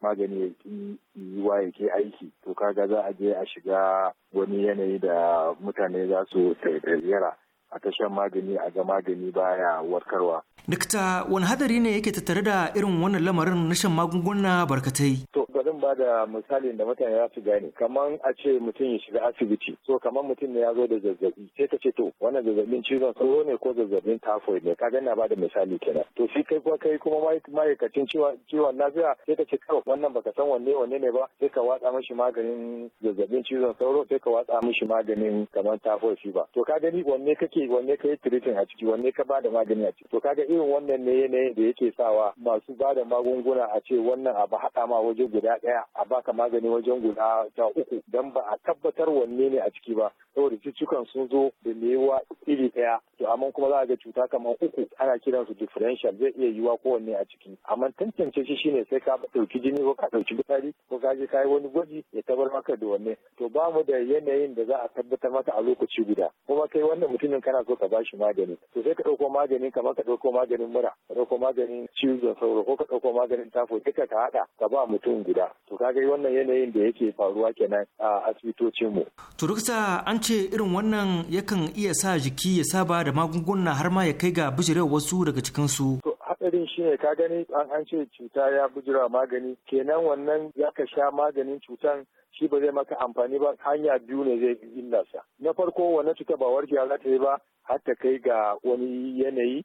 magani ya ki wa ya ke aiki to kaga za a je a shiga wani yanayi da mutane za su tsayayyara a tashan magani a ga magani baya warkarwa Dikta wani hadari ne yake tattare da irin wannan lamarin na shan magunguna barkatai? To zan ba da misalin da mutane za su gane kamar a ce mutum ya shiga asibiti so kamar mutum ne ya zo da zazzabi sai ka ce to wannan zazzabin cizon sauro ne ko zazzabin typhoid ne kaga na ba da misali kenan to shi kai kuma kai kuma ma'aikacin ciwon lafiya sai ka ce kawai wannan baka san wanne wanne ne ba sai ka watsa mishi maganin zazzabin cizon sauro sai ka watsa mishi maganin kamar typhoid shi ba to ka gani wanne kake wanne ka yi treating a ciki wanne ka ba da magani a ciki to kaga irin wannan ne yanayin da yake sawa masu ba da magunguna a ce wannan abu haɗa ma waje guda ɗaya a baka magani wajen guda ta uku dan ba a tabbatar wanne ne a ciki ba saboda cututtukan sun zo da newa iri ɗaya to amma kuma za a ga cuta kamar uku ana kiran su differential zai iya yiwa kowanne a ciki amma tantance shi shine sai ka ɗauki jini ko ka ɗauki fitsari ko ka je ka yi wani gwaji ya tabar maka da wanne to ba mu da yanayin da za a tabbatar maka a lokaci guda kuma kai wannan mutumin kana so ka bashi magani to sai ka ɗauko magani kamar ka ɗauko maganin mura ka ɗauko maganin cizon sauro ko ka ɗauko maganin tafo duka ka haɗa ka ba mutum guda to kaga wannan yanayin da yake faruwa kenan a asibitocin mu. to dokta an ce irin wannan yakan iya sa jiki ya saba da magunguna har ma ya kai ga bijirewa wasu daga cikin su. hadarin shi ne ka gani an an ce cuta ya bujira magani kenan wannan ya ka sha maganin cutan shi ba zai maka amfani ba hanya biyu ne zai illa sa na farko wannan cuta ba warkewa za ta yi ba har ta kai ga wani yanayi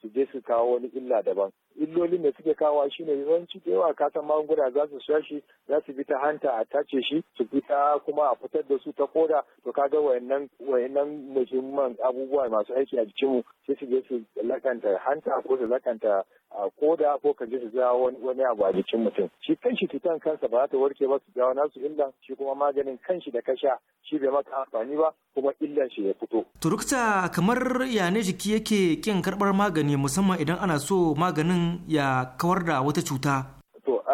su je su kawo wani illa daban illolin da suke kawo shine yawanci da yawa kasan magunguna za su sha shi za su bi ta hanta a tace shi su fita kuma a fitar da su ta koda to kaga wayannan wayannan muhimman abubuwa masu aiki a jikinmu sai su je su lakanta hanta ko su lakanta a koda ko ka ji su ja wani abu a jikin mutum shi kan shi cutan kansa ba za ta warke ba su wani su illan shi kuma maganin kan shi da ka sha shi bai maka amfani ba kuma illan shi ya fito. turukta kamar ya ne jiki yake kin karbar magani musamman idan ana so maganin ya kawar da wata cuta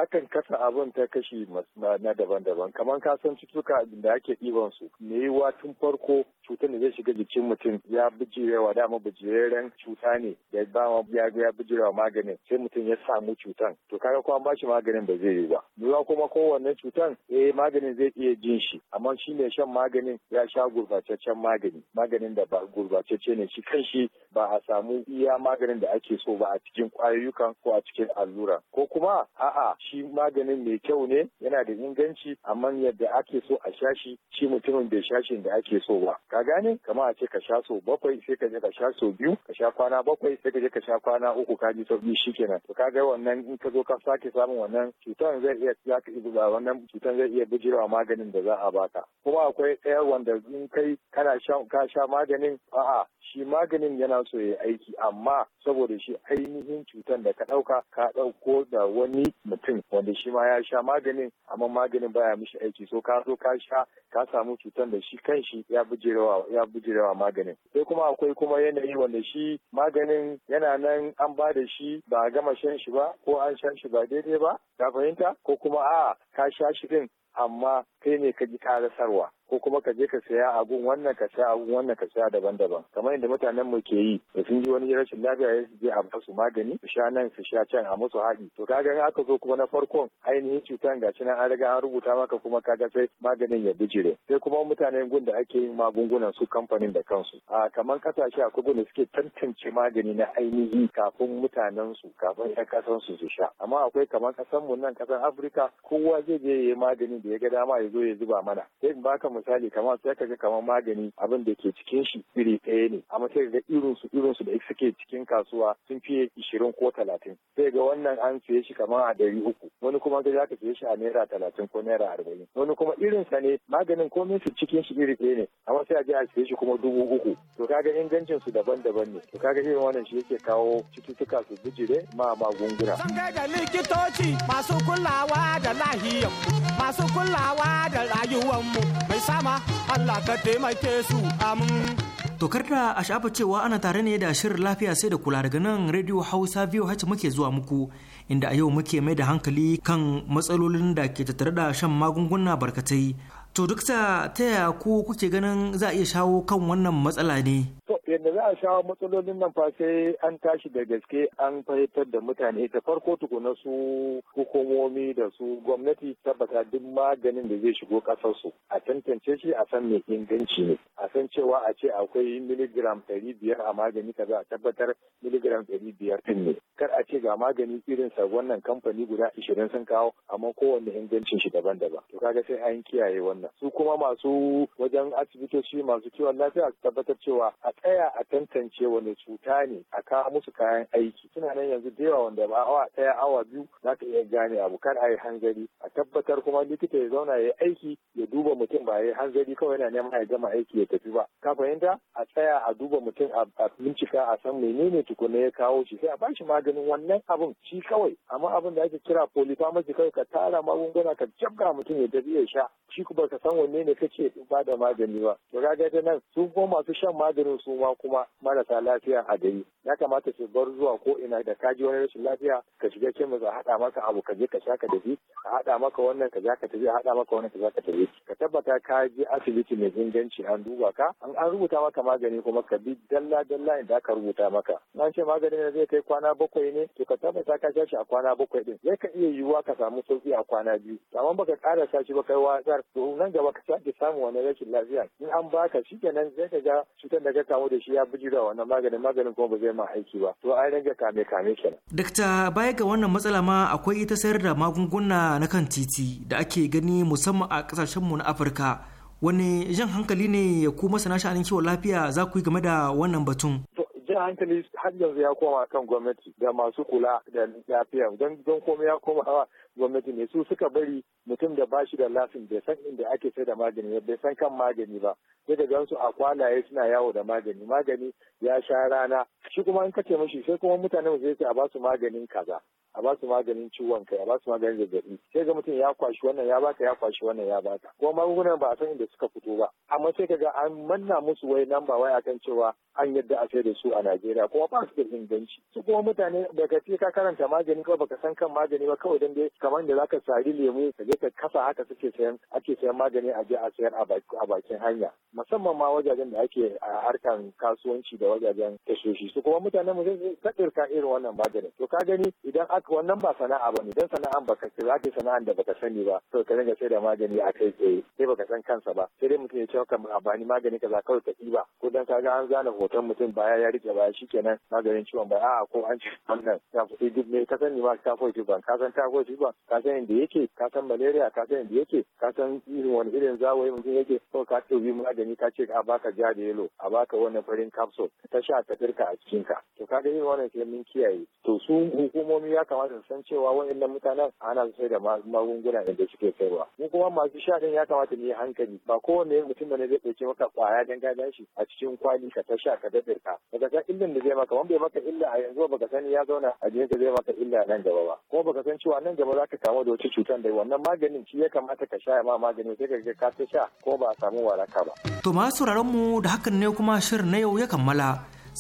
akan kasa abin ta kashi na daban-daban kamar ka san cutuka da ake ɗiban su me yiwa tun farko cutar da zai shiga jikin mutum ya bijirewa dama bijireren cuta ne da ba ya ya bijirewa maganin sai mutum ya samu cutan to kaga ko ba shi maganin ba zai yi ba yiwa kuma kowanne cutan eh maganin zai iya jin shi amma shi ne shan maganin ya sha gurbataccen magani maganin da ba gurbatacce ne shi kanshi ba a samu iya maganin da ake so ba a cikin kwayoyukan ko a cikin allura ko kuma a'a shi maganin mai kyau ne yana da inganci amma yadda ake so a sha shi shi mutumin bai sha shi da ake so ba ka gane kamar a ce ka sha so bakwai sai ka je ka sha so biyu ka sha kwana bakwai sai ka je ka sha kwana uku ka ji sauki shikenan to ka ga wannan in ka zo ka sake samun wannan cutar zai iya za ka iya wannan cutar zai iya bijirewa maganin da za a baka kuma akwai ɗaya wanda in kai kana sha ka sha maganin a'a shi maganin yana so ya aiki amma saboda shi ainihin cutar da ka ɗauka ka ɗauko da wani mutum wanda shi ma ya sha maganin amma maganin baya mishi aiki so ka zo ka sha ka samu cutar da shi kanshi ya bujirewa ya bujirewa maganin sai kuma akwai kuma yanayi wanda shi maganin yana nan an ba da shi ba a gama shan shi ba ko an shan shi ba daidai ba ka fahimta ko kuma a ka sha shi din amma kai ne ka ji karasarwa ko kuma ka je ka saya abun wannan ka sha abun wannan ka sha daban-daban kamar inda mutanen mu ke yi da sun ji wani rashin lafiya ya je a musu magani su sha nan su sha can a musu haɗi to kaga in aka zo kuma na farkon ainihin cutan ga nan an riga an rubuta maka kuma ka ga sai maganin ya bijire sai kuma mutanen gun da ake yin magungunan su kamfanin da kansu a kamar kasashe akwai gun da suke tantance magani na ainihi kafin mutanen su kafin ƴan kasan su su sha amma akwai kamar kasan mu nan kasan Afirka kowa zai je ya yi magani da ya ga dama ya zo ya zuba mana sai in baka mu misali kamar sai ka ga kamar magani abin da ke cikin shi iri ɗaya ne amma sai ga irin su irin su da suke cikin kasuwa sun fiye ishirin ko talatin sai ga wannan an siye shi kamar a dari uku wani kuma ga za ka siye shi a naira talatin ko naira arba'in wani kuma irin sa ne maganin komai su cikin shi iri ɗaya ne amma sai a je a siye shi kuma dubu uku to kaga ingancin su daban-daban ne to kaga irin wannan shi yake kawo cututtuka su bijire ma magunguna. da likitoci masu kulawa da lahiyar masu kulawa da rayuwar mu mai sama Allah ka taimake su amin. da a shafa cewa ana tare ne da shirin lafiya sai da kula daga nan Radio Hausa VOH muke zuwa muku inda a yau muke mai da hankali kan matsalolin da ke tattare da shan magunguna barkatai. To duk ta yaya ku kuke ganin za a iya shawo kan wannan matsala ne? To da za a shawo matsalolin nan fa sai an tashi da gaske an fahimtar da mutane ta farko tukuna su hukumomi da su gwamnati tabbata duk maganin da zai shigo kasar su a tantance shi a san mai inganci ne a san cewa a ce akwai miligram ɗari a magani kaza a tabbatar miligram ɗari biyar ne kar a ce ga magani irin sa wannan kamfani guda ishirin sun kawo amma kowanne ingancin shi daban-daban to kaga sai an kiyaye wannan su kuma masu wajen asibitoci masu kiwon lafiya tabbatar cewa a tsaya tsaya a tantance wani cuta ne a kawo musu kayan aiki suna nan yanzu da yawa wanda ba awa ɗaya awa biyu za ka iya gane abu kar a yi hanzari a tabbatar kuma likita ya zauna ya yi aiki ya duba mutum ba ya yi hanzari kawai yana neman ya gama aiki ya tafi ba ka fahimta a tsaya a duba mutum a bincika a san menene tukuna ya kawo shi sai a bashi maganin wannan abun shi kawai amma abin da ake kira polypharmacy kawai ka tara magunguna ka jabga mutum ya tafi ya sha shi ba ka san wanne ne kace ba da magani ba to kaga nan su kuma masu shan maganin su ma kuma marasa lafiya a gari ya kamata su bar zuwa ko ina da kaji wani rashin lafiya ka shiga kemis a haɗa maka abu ka je ka sha ka tafi a haɗa maka wannan ka za ka tafi a haɗa maka wannan ka za ka tafi ka tabbata ka je asibiti mai inganci an duba ka an an rubuta maka magani kuma ka bi dalla dalla inda aka rubuta maka an ce maganin da zai kai kwana bakwai ne to ka tabbata ka sha shi a kwana bakwai din zai ka iya yiwuwa ka samu sauki a kwana biyu amma baka ƙara sa shi ba kai wazar to nan gaba ka sake samu wani rashin lafiya in an baka shi kenan zai ka ga cutar da ka kamu da shi ya bujira wannan maganin maganin kuma ba zai ma aiki ba to an rage kame kame kenan dakta baya ga wannan matsala ma akwai ita sayar da magunguna na kan titi da ake gani musamman a kasashen mu na Afirka wani jan hankali ne ku masana sha'anin kiwon lafiya za ku yi game da wannan batun jan hankali har yanzu ya koma kan gwamnati da masu kula da lafiya don komai ya koma gwamnati ne su suka bari mutum da bashi da lasin bai san inda ake sai da magani bai san kan magani ba sai da gansu a kwalaye suna yawo da magani magani ya sha rana shi kuma in ka kace mashi sai kuma mutane mu sai a basu maganin kaza a ba maganin ciwon kai a ba maganin zazzabi sai ga mutum ya kwashi wannan ya baka ya kwashi wannan ya baka kuma magungunan ba a san inda suka fito ba amma sai kaga an manna musu wai nan ba wai akan cewa an yadda a sai da su a Najeriya kuma ba su da inganci su kuma mutane daga ce ka karanta magani kawai baka san kan magani ba kawai dan dai kamar da zaka sari lemu ka je ka kasa haka suke sayan ake sayan magani a je a sayar a bakin hanya musamman ma wajajen da ake a harkan kasuwanci da wajajen tashoshi su kuma mutanen mu sai tsirka irin wannan maganin to ka gani idan aka wannan ba sana'a ba ne dan sana'an baka ce zaka sana'an da baka sani ba to ka dinga sai da magani a kai tsaye sai baka san kansa ba sai dai mutum ya ce kamar a bani magani kaza kawai ka ba ko dan ka ga an zana hoton mutum baya ya rike baya shikenan maganin ciwon baya a'a ko an ci wannan ya fi ka sani ma ka fi ban ka san ta fi ban ka san yadda yake ka san malaria ka san yadda yake ka san irin wani irin yin mutum yake ko ka tobi magani ka ce a baka ja da yelo a baka wannan farin capsule ta sha ta firka a cikin ka to ka gani irin wannan sai mun kiyaye to su hukumomi ya kamata su san cewa waɗannan mutanen ana sai da magunguna da suke kaiwa mu kuma masu sha din ya kamata mu yi hankali ba kowane mutum ne zai ɗauke maka kwaya dan gadan shi a cikin kwali ka ta sha ka daɗe ka daga san illan da zai maka wanda bai maka illa a yanzu baka sani ya zauna a jikin zai maka illa nan gaba ba kuma baka san cewa nan gaba za ka kamu da wata cutar da wannan maganin shi ya kamata ka sha ma maganin sai ka ga ka ta sha ko ba a samu waraka ba. To masu sauraron mu da hakan ne kuma shirin na yau ya kammala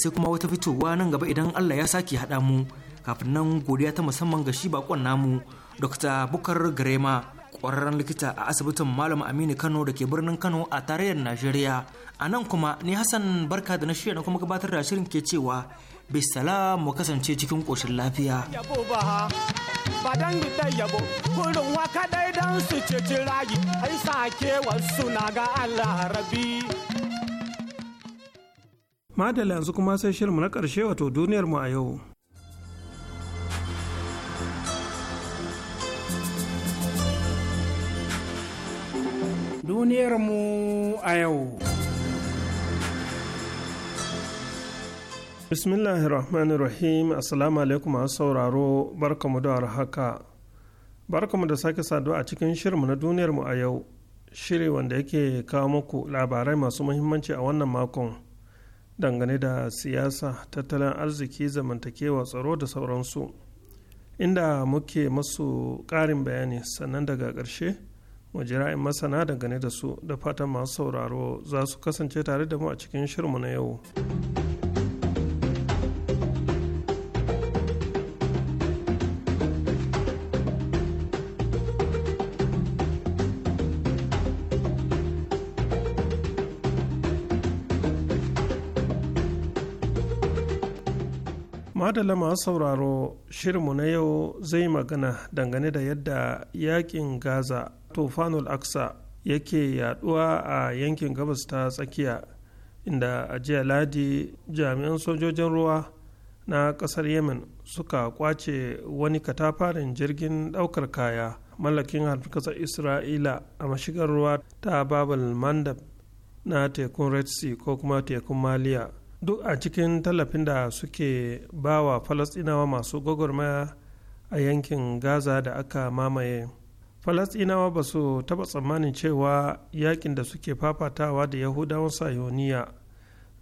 sai kuma wata fitowa nan gaba idan Allah ya sake haɗa mu kafin nan godiya ta musamman ga shi bakon namu Dr. Bukar Garema ƙwararren likita a asibitin Malam Aminu Kano da ke birnin Kano a tarayyar Najeriya. A nan kuma ni Hassan Barka da na shirya na kuma gabatar da shirin ke cewa bisala mu kasance cikin ƙoshin lafiya. ba don da yabo kurin waka dai dan su ceci rayi ai sake wasu na ga Allah rabi madalla yanzu kuma sai shirinmu na ƙarshe wato duniyar mu a yau duniyar mu a yau rahim assalamu alaikum masu sauraro barkamu da haka barkamu da sake saduwa a cikin shirinmu na duniyarmu a yau shiri wanda yake kawo muku labarai masu muhimmanci a wannan makon dangane da siyasa tattalin arziki zamantakewa tsaro da sauransu inda muke masu ƙarin bayani sannan daga karshe mu jira'in masana dangane da su da fatan masu sauraro za su kasance tare da mu a cikin shirinmu na yau. madala masu sauraro shirinmu na yau zai magana dangane da yadda yakin gaza tofanul aksa yake yaduwa a yankin gabas ta tsakiya inda a jiya ladi jami'an sojojin ruwa na kasar yemen suka kwace wani katafarin jirgin daukar kaya mallakin harfikasar isra'ila a mashigar ruwa ta babal mandab na tekun red sea ko kuma tekun maliya duk a cikin tallafin da suke ba wa falasɗinawa masu gwagwarmaya a yankin gaza da aka mamaye falasɗinawa ba su taɓa tsammanin cewa yakin da suke fafatawa da yahudawan sayoniya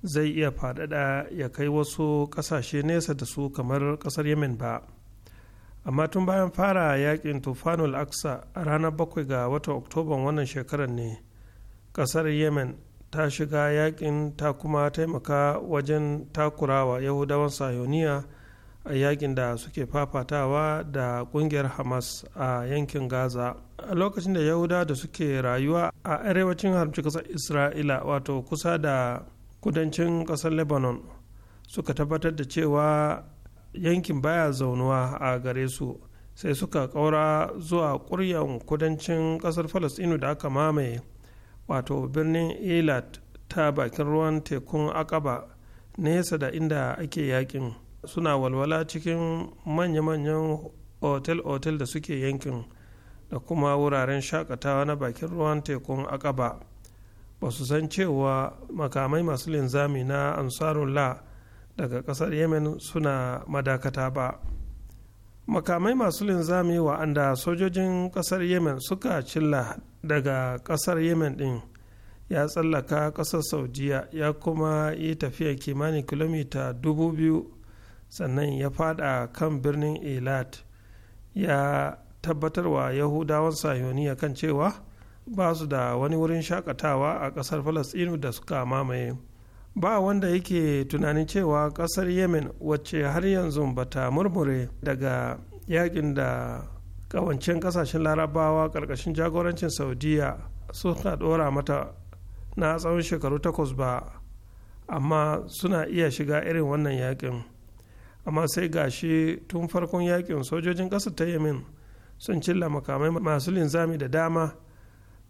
zai iya faɗaɗa ya kai wasu ƙasashe nesa da su kamar ƙasar yemen ba amma tun bayan fara yakin tufanul aksa a ranar 7 ga watan oktoban wannan shekarar ne ƙasar yemen ta shiga yakin ta kuma taimaka wajen takurawa yahudawan sayoniya a yakin da suke fafatawa da kungiyar hamas a yankin gaza a lokacin da yahuda da suke rayuwa a arewacin harci kasar isra'ila wato kusa da kudancin kasar lebanon suka tabbatar da cewa yankin baya zaunuwa a gare su sai suka ƙaura zuwa ƙuryan kudancin ƙasar falasɗinu da aka mamaye wato birnin elat ta bakin ruwan tekun akaba nesa da inda ake yakin suna walwala cikin manya-manyan otel-otel da suke yankin da kuma wuraren shakatawa na bakin ruwan tekun akaba ba su san cewa makamai masu linzami na ansarullah daga kasar yemen suna madakata ba makamai masu linzami wa'anda sojojin kasar yemen suka cilla daga kasar yemen din ya tsallaka kasar saudiya ya kuma yi tafiya kimanin kilomita 2000 sannan ya fada kan birnin elad ya tabbatarwa yahudawan sayoniya kan cewa ba su da wani wurin shakatawa a kasar falasɗinu da suka mamaye ba wanda yake tunanin cewa kasar yemen wacce har yanzu bata murmure daga yakin da kawancin kasashen larabawa karkashin jagorancin saudiya suka dora mata na tsawon shekaru takwas ba amma suna iya shiga irin wannan yakin amma sai gashi tun farkon yakin sojojin kasar ta yemen sun cilla makamai masu linzami da dama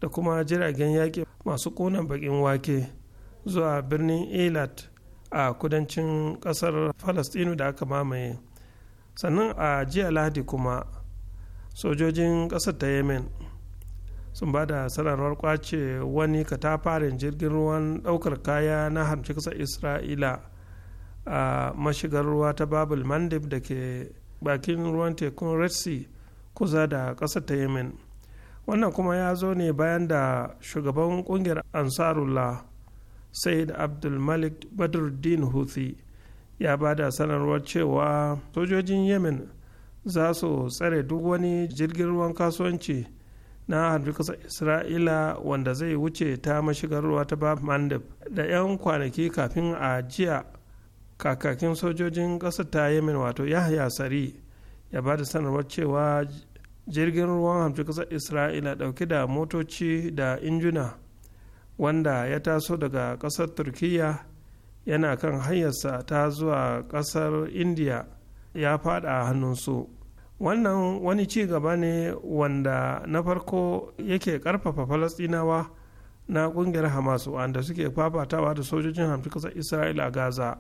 da kuma jiragen yaƙi masu ƙunan baƙin wake zuwa birnin elat a kudancin kasar falastinu da aka mamaye sannan a jiya lahadi kuma sojojin kasar ta yemen sun ba da sanarwar kwace wani katafaren jirgin ruwan daukar kaya na hamshi kasar isra'ila a mashigar ruwa ta babul mandib da ke bakin ruwan tekun red sea kusa da kasar ta yemen wannan kuma ya zo ne bayan da shugaban kungiyar ansarullah said Abdul Malik badruddin houthi ya ba da sanarwar cewa sojojin yemen za su tsare duk wani jirgin ruwan kasuwanci na harbin ƙasar isra'ila wanda zai wuce ta mashigar ruwa ta bab mandeb da 'yan kwanaki kafin a jiya kakakin sojojin ƙasa ta yemen wato yahya sari ya ba da sanarwar cewa jirgin ruwan harbin ƙasar isra'ila dauke da motoci da injuna wanda ya taso daga ƙasar turkiyya yana kan hanyarsa ta zuwa ƙasar indiya ya fada hannunsu wannan wani ci gaba ne wanda na farko yake ƙarfafa falasɗinawa na ƙungiyar hamas wanda suke fafatawa da sojojin hamshi ƙasar isra'ila a gaza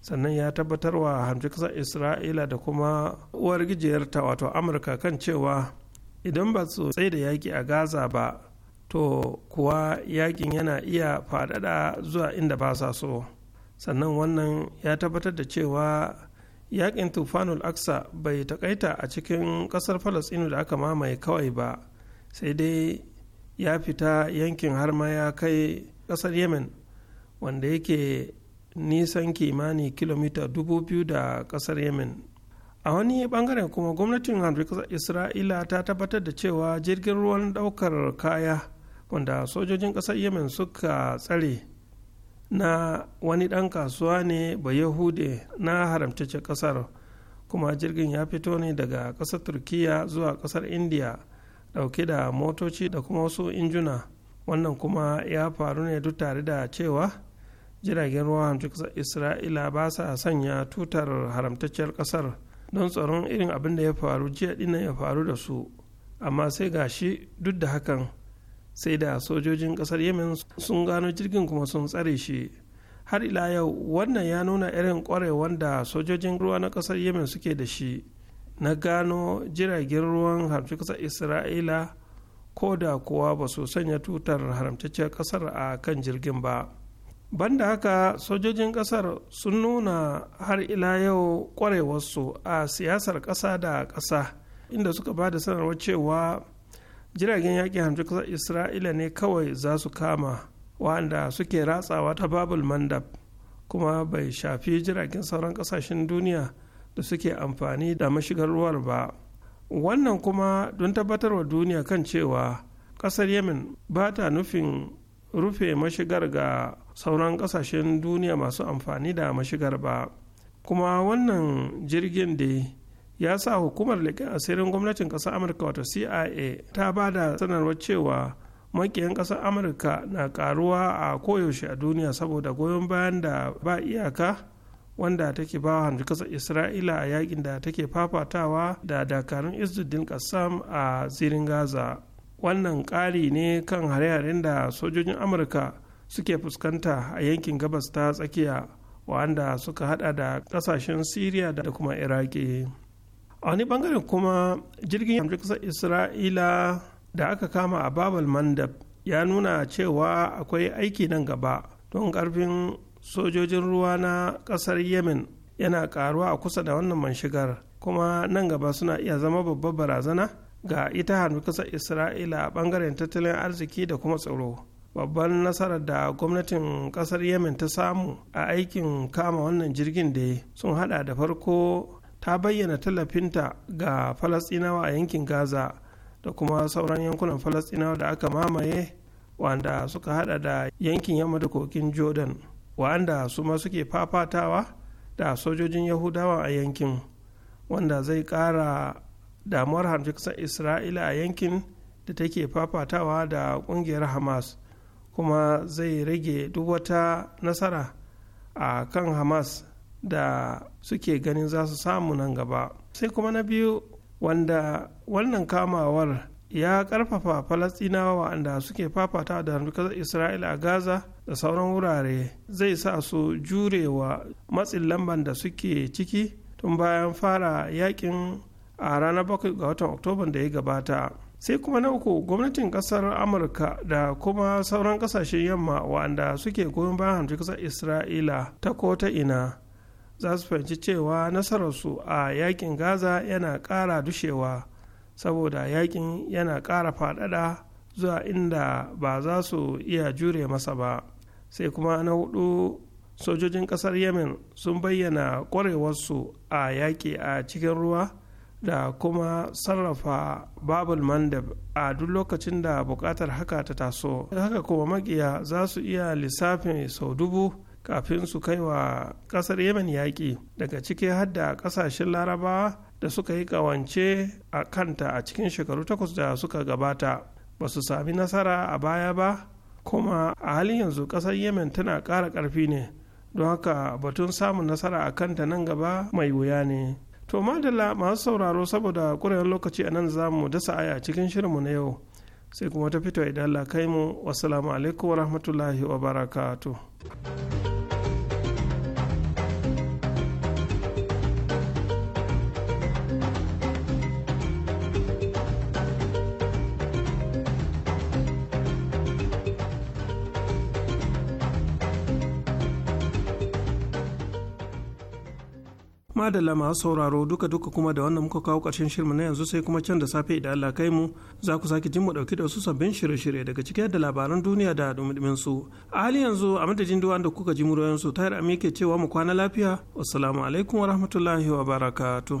sannan ya tabbatar wa hamsin ƙasar isra'ila da kuma uwar gijiyarta wato amurka kan cewa idan ba su tsaye da yaƙi a gaza ba to kuwa yakin yana iya faɗaɗa zuwa inda ba sa so sannan wannan ya tabbatar da cewa yakin tufanul aksa bai takaita a cikin ƙasar falasinu da aka mamaye kawai ba sai dai ya fita yankin har ma ya kai ƙasar yemen wanda yake nisan kimani kilomita dubu biyu da ƙasar yemen a wani bangaren kuma gwamnatin hamdukasar isra'ila ta tabbatar da cewa jirgin ruwan ɗaukar kaya wanda sojojin ƙasar yemen suka tsare na wani ɗan kasuwa ne ba yahude na haramtacce ƙasar kuma jirgin ya fito ne daga ƙasar turkiya zuwa ƙasar indiya ɗauke da motoci da kuma wasu injuna wannan kuma ya faru ne duk tare da cewa jiragen ruwa hamsin ƙasar isra'ila ba sa sanya tutar haramtacciyar ƙasar don tsaron irin abin da ya faru jiya dinnan ya faru da su amma sai gashi duk da hakan sai da sojojin kasar yemen sun gano jirgin kuma sun tsare shi har ila yau wannan ya nuna irin kwarewar wanda sojojin ruwa na kasar yemen suke da shi na gano jiragen ruwan haramci kasar isra'ila ko da kuwa ba su sanya tutar haramtacciyar kasar a kan jirgin ba banda haka sojojin kasar sun nuna har ila yau kwarewarsu a siyasar kasa da kasa inda suka ba da sanarwar cewa jiragen yaƙi hamsin isra'ila ne kawai za su kama wanda suke ratsawa ta babul mandab kuma bai shafi jiragen sauran ƙasashen duniya da suke amfani da mashigar ruwar ba wannan kuma don tabbatarwa duniya kan cewa ƙasar yamin ba ta nufin rufe mashigar ga sauran ƙasashen duniya masu amfani da mashigar ba kuma wannan jirgin da ya sa hukumar leƙen asirin gwamnatin ƙasar amurka wata cia ta ba da sanarwar cewa makiyan ƙasar amurka na ƙaruwa a koyaushe a duniya saboda goyon bayan da ba iyaka wanda take ba wa ƙasar isra'ila a yakin da take fafatawa da dakarun izzuddin kassam a zirin gaza wannan ƙari ne kan hare-haren da sojojin amurka suke fuskanta a yankin gabas ta tsakiya wanda suka hada da ƙasashen syria da kuma iraki a wani bangaren kuma jirgin hamshin kasar isra'ila da aka kama a babal mandab ya nuna cewa akwai aiki nan gaba don karfin sojojin ruwa na kasar yemen yana karuwa a kusa da wannan manshigar kuma nan gaba suna iya zama babbar barazana ga ita hannu ƙasar isra'ila a bangaren tattalin arziki da kuma tsaro babban nasarar da gwamnatin kasar yemen ta samu a aikin kama wannan jirgin da sun hada da farko ta bayyana tallafinta ga falasɗinawa a yankin gaza da kuma sauran yankunan falasinawa da aka mamaye wanda suka hada da yankin yamma da kokin jordan wa'anda su ma suke fafatawa da sojojin yahudawa a yankin wanda zai kara damuwar hamjikisar isra'ila a yankin da take fafatawa da kungiyar hamas kuma zai rage duk wata nasara a kan hamas da suke ganin za su samu nan gaba sai kuma na biyu wanda wannan kamawar ya karfafa falastinawa wanda suke fafata da harkar isra'ila a gaza da sauran wurare zai sa su jurewa matsin lamban da suke ciki tun bayan fara yakin a ranar 7 ga watan oktoban da ya gabata sai kuma na uku gwamnatin kasar amurka da kuma sauran kasashen yamma wa'anda suke goyon bayan hamshin kasar isra'ila ta ko ta ina za su fahimci cewa nasararsu a yakin gaza yana ƙara dushewa saboda yakin yana ƙara faɗaɗa zuwa inda ba za su iya jure masa ba sai kuma na hudu sojojin ƙasar yemen sun bayyana ƙwarewarsu a yaƙi a cikin ruwa da kuma sarrafa babul mandab a duk lokacin da buƙatar haka ta taso haka kuma makiya za su iya lissafin sau dubu kafin su kai wa ƙasar yemen yaƙi daga ciki har da ƙasashen larabawa da suka yi ƙawance a kanta a cikin shekaru takwas da suka gabata ba su sami nasara a baya ba kuma a halin yanzu ƙasar yemen tana ƙara ƙarfi ne don haka batun samun nasara a kanta nan gaba mai wuya ne to madala masu sauraro saboda ƙurewar lokaci a nan za mu dasa aya cikin shirinmu na yau sai kuma ta fito idan Allah kai mu wasu alaikum wa rahmatullahi wa barakatuh madalla masu sauraro duka duka kuma da wannan muka kawo ƙarshen shirma na yanzu sai kuma can da safe idan Allah kai mu za ku sake jin mu dauki da su sabbin shirye-shirye daga cikin da labaran duniya da dumudumin su a hali yanzu a madadin duwan da kuka ji muryoyin su tayar amike cewa mu kwana lafiya assalamu alaikum wa barakatu.